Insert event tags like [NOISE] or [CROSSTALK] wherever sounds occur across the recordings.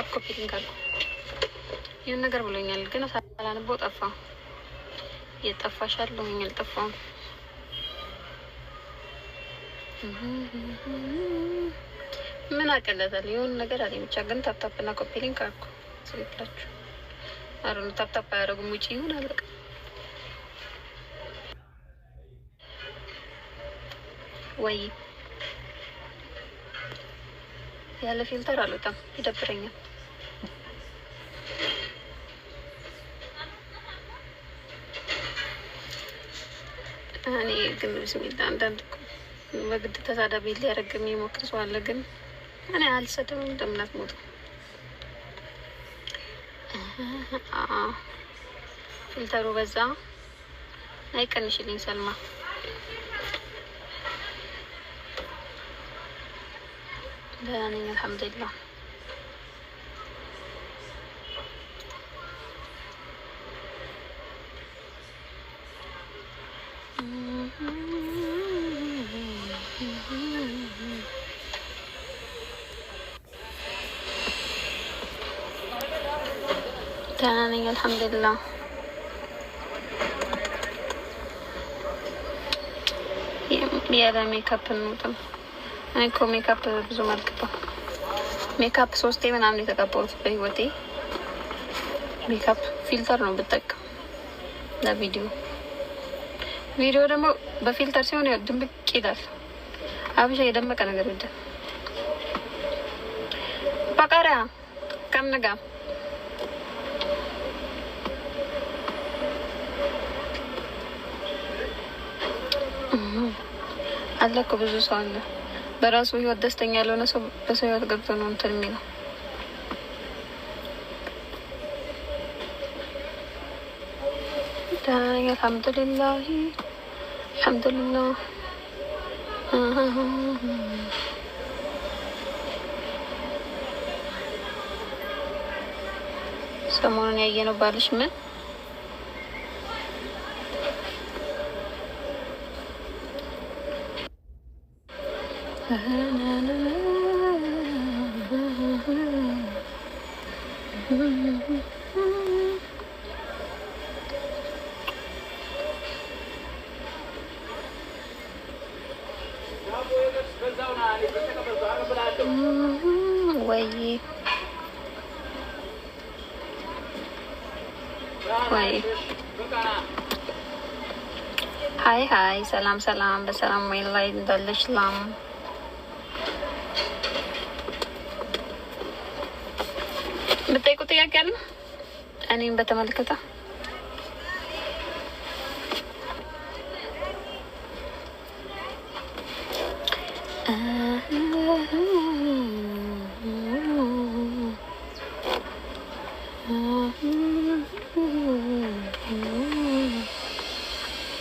ሀሳብ ኮፒ ሊንክ አልኩ። ይህን ነገር ብሎኛል፣ ግን ሳላነበው ጠፋ። የጠፋሻል ብሎኛል፣ አልጠፋም። ምን አቀለታል? የሆነ ነገር አለኝ ብቻ። ግን ታፕታፕ እና ኮፒ ሊንክ አልኩ። ስለብላችሁ አረ ነው ታፕታፕ አያደርጉም። ውጪ ይሁን አለቀ። ወይ ያለ ፊልተር አልወጣም፣ ይደብረኛል። እኔ ግን ስሜት አንዳንድ በግድ ተሳዳቢ ሊያደርግ የሚሞክር ሰው አለ። ግን እኔ አልሰድም እንደምን ሞቱ ፊልተሩ በዛ ናይ ቀንሽልኝ ሰልማ ደህና ነኝ አልሐምዱሊላህ ደህና ነኝ አልሐምዱሊላህ። ያለ ሜካፕ እንውጥም። እኔ እኮ ሜካፕ ብዙ አልቀባም። ሜካፕ ሶስቴ ምናምን የተቀባሁት በህይወቴ። ሜካፕ ፊልተር ነው ብጠቀም ለቪዲዮ። ቪዲዮ ደግሞ በፊልተር ሲሆን ያው ድምቅ ይላል። አብሻ የደመቀ ነገር ይደ በቃሪያ ከምንጋ አለ እኮ ብዙ ሰው አለ። በራሱ ህይወት ደስተኛ ያልሆነ ሰው በሰው ህይወት ገብቶ ነው እንትን የሚለው። አልሐምዱሊላህ አልሐምዱሊላህ ሰሞኑን ያየነው ባልሽ ምን Hi, hi, salam, salam, salam, my light, the lish lamb. ብጠይቁ ጥያቄ አለ። እኔም በተመለከተ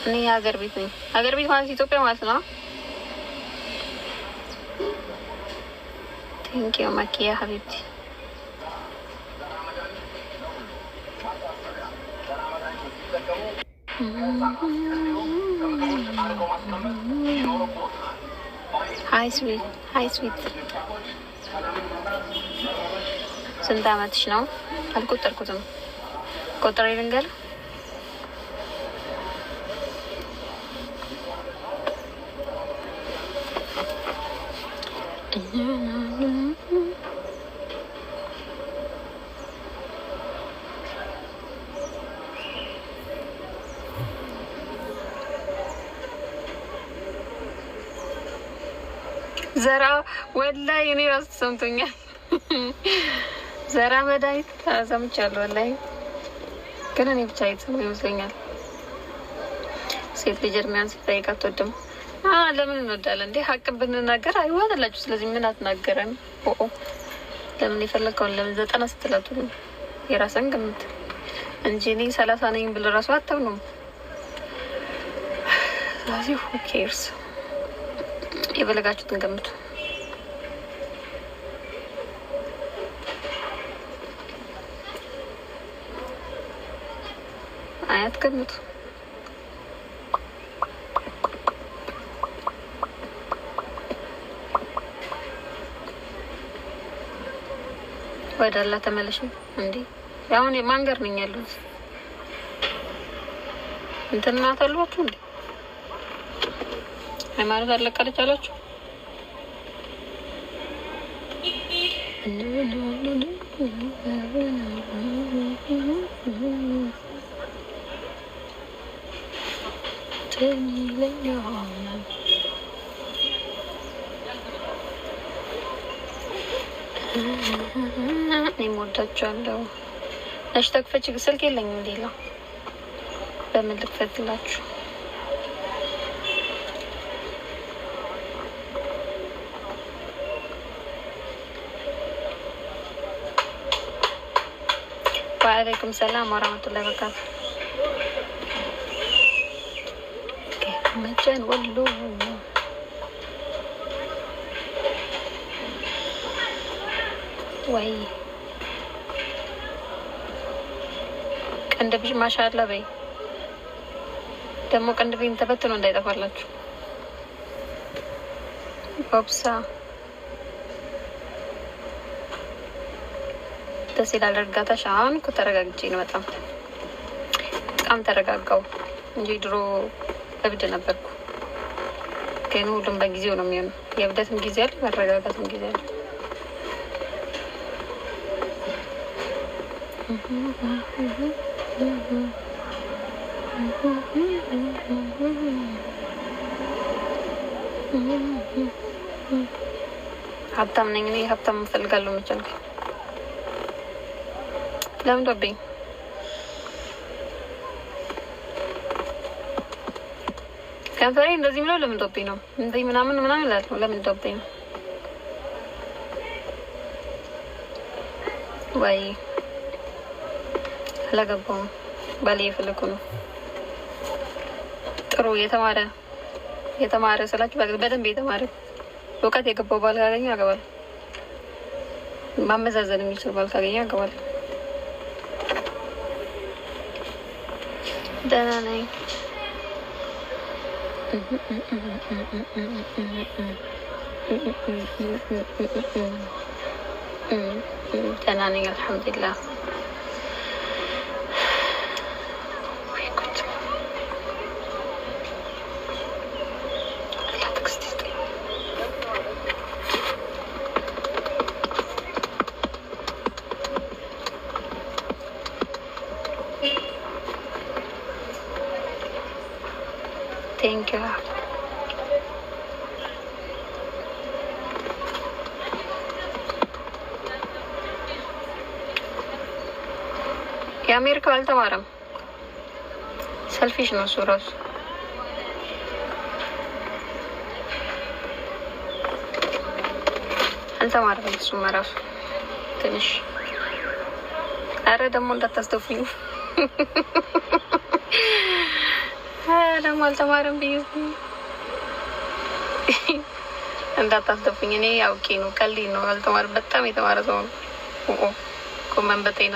እኔ ሀገር ቤት ነኝ። ሀገር ቤት ማለት ኢትዮጵያ ማለት ነው። ቴንኪዩ ማኪያ ሀቢብቲ ሀይ ስዊት ሀይ ስዊት ስንት አመትሽ ነው? አልቆጠርኩትም። ቆጥሬ ልንገር ዘራ ወላይ እኔ ራሱ ተሰምቶኛል። ዘራ መድኃኒት ተሰምቻለሁ። ወላይ ግን እኔ ብቻ የተሰማው ይመስለኛል። ሴት ልጅ እድሜያን ሲጠይቅ አትወድም። ለምን እንወዳለን እንዴ? ሀቅ ብንናገር አይዋጥላችሁ። ስለዚህ ምን አትናገረን? ለምን የፈለግከውን ለምን ዘጠና ስትላቱ የራስን ግምት እንጂ እኔ ሰላሳ ነኝ ብል ራሱ አተብኑም። ስለዚህ ሁ ኬርስ የፈለጋችሁትን ገምቱ። አይ አትገምቱ። ወደ አላህ ተመለሽ እንዴ! አሁን ማንገር ነኝ ያለሁት እንትን ናት አሏችሁ እንዴ? ሃይማኖት አለቀለች አላችሁ። ወዳችኋለሁ። ነሽ ተክፈች ስልክ የለኝም ሌላ በምን ልክፈትላችሁ? وعليكم السلام ورحمة الله وبركاته ما كان ولو وي ቀንድብሽ ማሻአላ በይ። ደግሞ ቀንድቤን ተበትኖ እንዳይጠፋላችሁ ኦብሳ ደስ ይላል እርጋታሽ። አሁን እኮ ተረጋግቼ ነው በጣም በጣም ተረጋጋው እንጂ ድሮ እብድ ነበርኩ። ግን ሁሉም በጊዜው ነው የሚሆነው። የእብደትም ጊዜ አለ፣ መረጋጋትም ጊዜ አለ። ሀብታም ነኝ እኔ ሀብታም እፈልጋለሁ መቻልከኝ ለምዶብኝ ከንፈሬ እንደዚህ ምለው ለምዶብኝ ነው። እንደዚህ ምናምን ምናምን እላለሁ ለምዶብኝ ነው። ወይ አላገባውም። ባሌ የፈለኩ ነው። ጥሩ የተማረ የተማረ ስላችሁ በደንብ የተማረ እውቀት የገባው ባል ካገኘ አገባለሁ። ማመዛዘን የሚችል ባል ካገኘ አገባለሁ። داراني تنانين الحمد لله አልተማረም። ሰልፊሽ ነው እሱ ራሱ። አልተማረም እሱም ራሱ ትንሽ። አረ ደግሞ እንዳታስተፉኝ [LAUGHS] ደግሞ አልተማረም ብዬ [LAUGHS] እንዳታስተፉኝ። እኔ አውቄ ነው ቀልድ ነው። አልተማረም። በጣም የተማረ ሰው ነው። ኮመን በጤና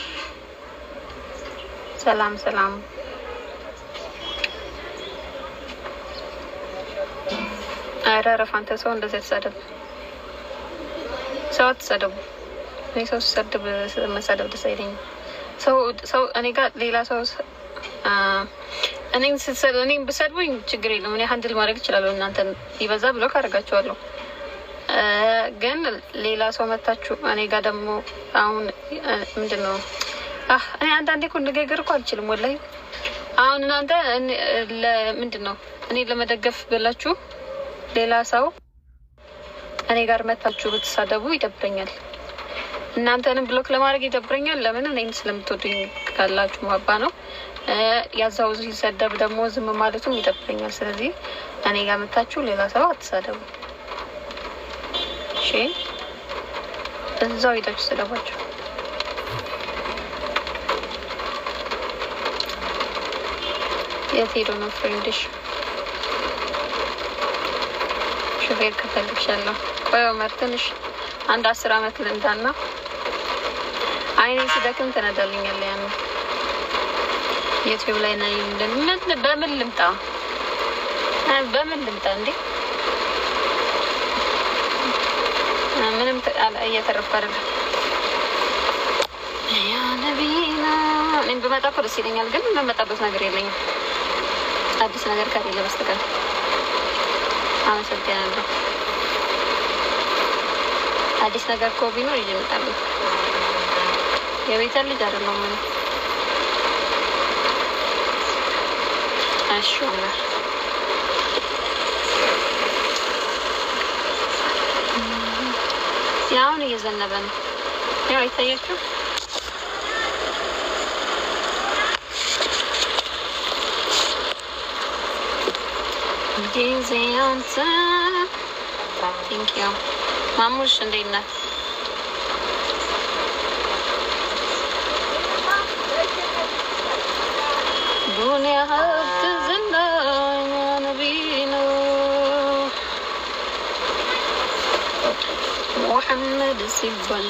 ሰላም ሰላም። አረ እረፍ አንተ ሰው እንደዚህ ተሰደብ ሰው አትሰደቡ። እኔ ሰው ሲሰድብ መሰደብ ደስ አይለኝም። ሰው እኔ ጋር ሌላ ሰው እኔን ስትሰድ እኔን ብሰድቡኝ ችግር የለም። እኔ ሀንድል ማድረግ እችላለሁ። እናንተ ይበዛ ብሎ አደርጋችኋለሁ። ግን ሌላ ሰው መታችሁ እኔ ጋር ደግሞ አሁን ምንድን ነው እኔ አንዳንዴ እኮ ንግግር እኮ አልችልም ወላይ አሁን እናንተ ምንድን ነው እኔ ለመደገፍ ብላችሁ ሌላ ሰው እኔ ጋር መታችሁ ብትሳደቡ ይደብረኛል። እናንተንም ብሎክ ለማድረግ ይደብረኛል። ለምን እኔን ስለምትወዱኝ ካላችሁ ማባ ነው ያዛው ሲሰደብ ደግሞ ዝም ማለቱም ይደብረኛል። ስለዚህ እኔ ጋር መታችሁ ሌላ ሰው አትሳደቡ። እዛው ሂዳችሁ ስደቧቸው። የት ሄዶ ነው ፍሬንድሽ? ሹፌር ከፈልግሻለሁ። ቆይ ኦመር ትንሽ አንድ አስር አመት ልንዳና አይኔ ሲደክም ትነዳልኛለ። ያን ዩቲዩብ ላይ ናይ በምን ልምጣ በምን ልምጣ እንዴ? ምንም እየተረፍኩ አይደለም። ያ ነቢና እኔም ብመጣ እኮ ደስ ይለኛል፣ ግን የምመጣበት ነገር የለኝም። አዲስ ነገር ከሌለ በስተቀር አመሰግናለሁ። አዲስ ነገር እኮ ቢኖር ይዤ እመጣለሁ። የቤተር ልጅ አይደለሁም እኔ። እሺ ያው አሁን እየዘነበ ነው ያው አይታያችሁም። ጊዜያንተ ቴንኪው ማሙሽ እንዴት ነህ? ዱንያ ሀብት ዝናኛ ነቢ ነው ሙሐመድ ሲባል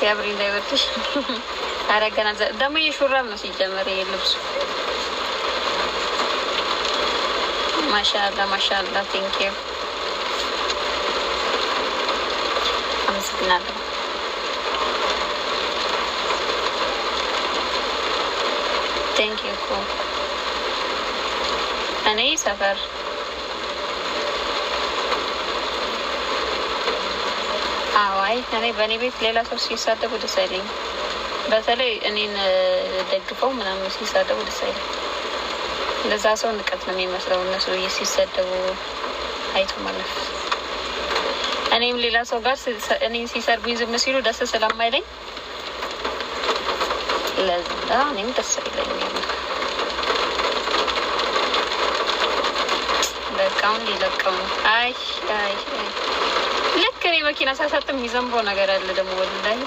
ሲያብሪ እንዳይበርድሽ። አረ ገና ደግሞ የሹራብ ነው ሲጀመር ልብሱ ማሻላ ማሻላ ቴንክ ዩ አመሰግናለሁ። ቴንክ ዩ እኮ እኔ ሰፈር አዋይ እኔ በእኔ ቤት ሌላ ሰው ሲሳደቡ ደስ አይለኝም። በተለይ እኔን ደግፈው ምናምን ሲሳደቡ ደስ አይለኝ ለዛ ሰው ንቀት ነው የሚመስለው። እነሱ ሲሰደቡ አይቶ ማለት እኔም ሌላ ሰው ጋር እኔን ሲሰርጉ ዝም ሲሉ ደስ ስለማይለኝ ለዛ እኔም ደስ አይለኝም። ለቃውን ሊለቀው ነው። አይ አይ ልክ እኔ መኪና ሳሳጥም የሚዘንበው ነገር አለ ደግሞ ወላሂ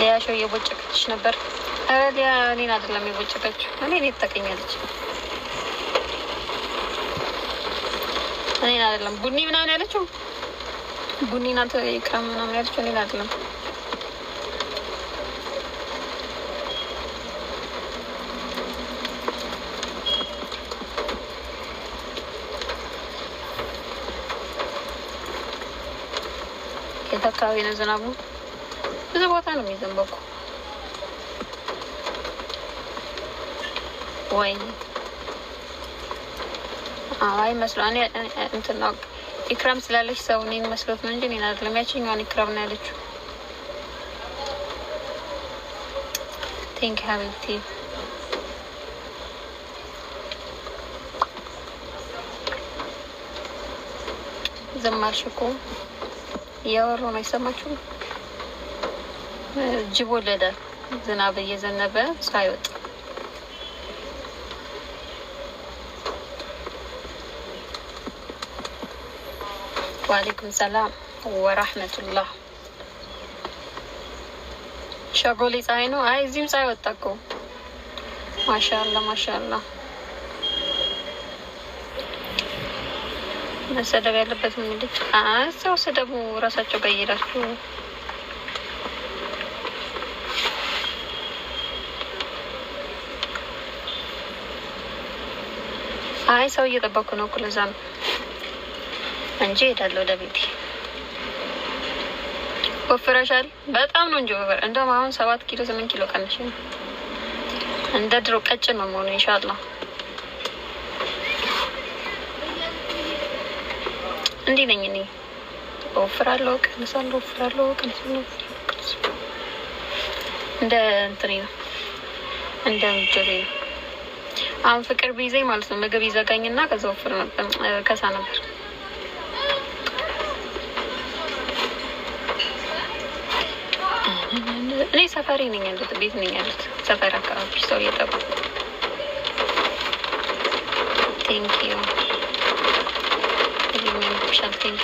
ሊያሾ የቦጨቅትሽ ነበር። ታዲያ እኔን አይደለም የቦጨቀችው፣ እኔ እኔ ትጠቀኛለች። እኔን አይደለም ቡኒ ምናምን ያለችው፣ ቡኒ ናት ይቅረም ምናምን ያለችው እኔን አይደለም። የት አካባቢ ነው ዝናቡ? ብዙ ቦታ ነው የሚዘንበኩ ወይ አይ መስሎ እንትን ነው ኢክራም ስላለች ሰው እኔን መስሎት ነው እንጂ እኔን አይደለም። ያችኛዋን ኢክራም ነው ያለችው። ቴንክ ሀቢብቲ ዝም አልሽ እኮ እያወሩ ነው። አይሰማችሁም? ጅብ ወለደ። ዝናብ እየዘነበ ሳይወጣ ዋሌይኩም ሰላም ወራህመቱላህ። ሸጎሌ ፀሐይ ነው። አይ እዚህም ፀሐይ ወጣ እኮ ማሻላ ማሻላ። መሰደብ ያለበት እንግዲህ እዚያው ስደቡ፣ እራሳቸው ጋር እየሄዳችሁ አይ ሰው እየጠበኩ ነው እኮ ለዛ ነው እንጂ እሄዳለሁ ወደ ቤቴ። ወፍረሻል በጣም ነው እንጂ ወፍረ እንደውም አሁን ሰባት ኪሎ ስምንት ኪሎ ቀንሽ ነው። እንደ ድሮ ቀጭን ነው መሆኑ ኢንሻአላህ። እንዲህ ነኝ እኔ ወፍራለሁ፣ ቀንሳለሁ፣ ወፍራለሁ፣ ቀንሳለሁ። እንደ እንትኔ ነው እንደ ምጆቴ አሁን ፍቅር ቢይዘኝ ማለት ነው ምግብ ይዘጋኝና ከዛ ወፍር ነበር ከሳ ነበር እኔ ሰፈሬ ነኝ ያሉት ቤት ነኝ ያሉት ሰፈር አካባቢ ሰው እየጠሩ ቴንኪዩ ይህ ሻምቴን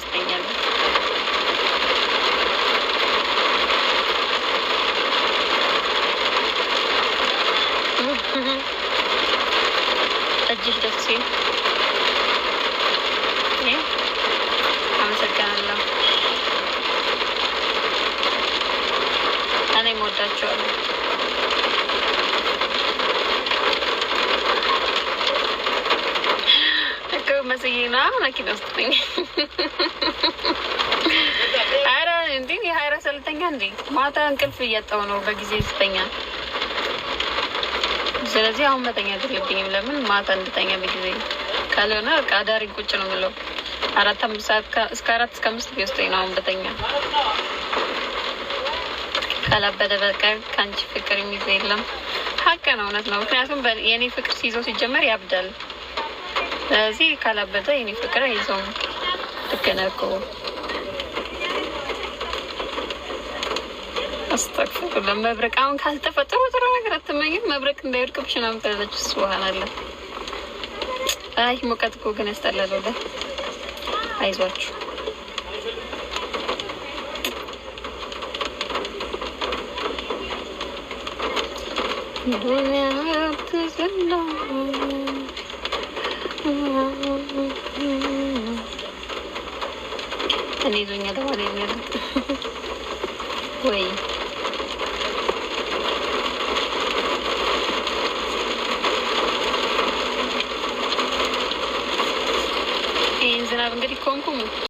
አስተኛለሁ። እጅግ ደስ አመሰግናለሁ። እኔም ወዳችኋለሁ። ና መኪና ስጥኝ። [LAUGHS] አረ እንዴ የሀይረ ሰልተኛ እንዴ ማታ እንቅልፍ እያጣሁ ነው። በጊዜ ስተኛ ስለዚህ አሁን መተኛት የለብኝም። ለምን ማታ እንድተኛ በጊዜ ካልሆነ በቃ አዳሪ ቁጭ ነው የምለው። አራት አምስት ሰዓት እስከ አራት እስከ አምስት ቢወስደኝ ነው አሁን በተኛ ካላበደ በቃ ከአንቺ ፍቅር የሚይዘ የለም። ሀቅ ነው፣ እውነት ነው። ምክንያቱም የእኔ ፍቅር ሲይዘው ሲጀመር ያብዳል። ስለዚህ ካላበጠ የኔ ፍቅር አይዘውም ልገናገቡ አስታክፍኩ መብረቅ አሁን ካልተፈጠሩ ጥሩ ነገር አትመኝም። መብረቅ እንዳይወድቅብሽ ነው ምትላለች። እሱ ውሃናለ አይ ሙቀት እኮ ግን ያስጠላል። ወደ አይዟችሁ ዱኒያ ትዝላ እኔ ይዞኛል ተባለ ወይ ይህን ዝናብ እንግዲህ ኮንኩሙ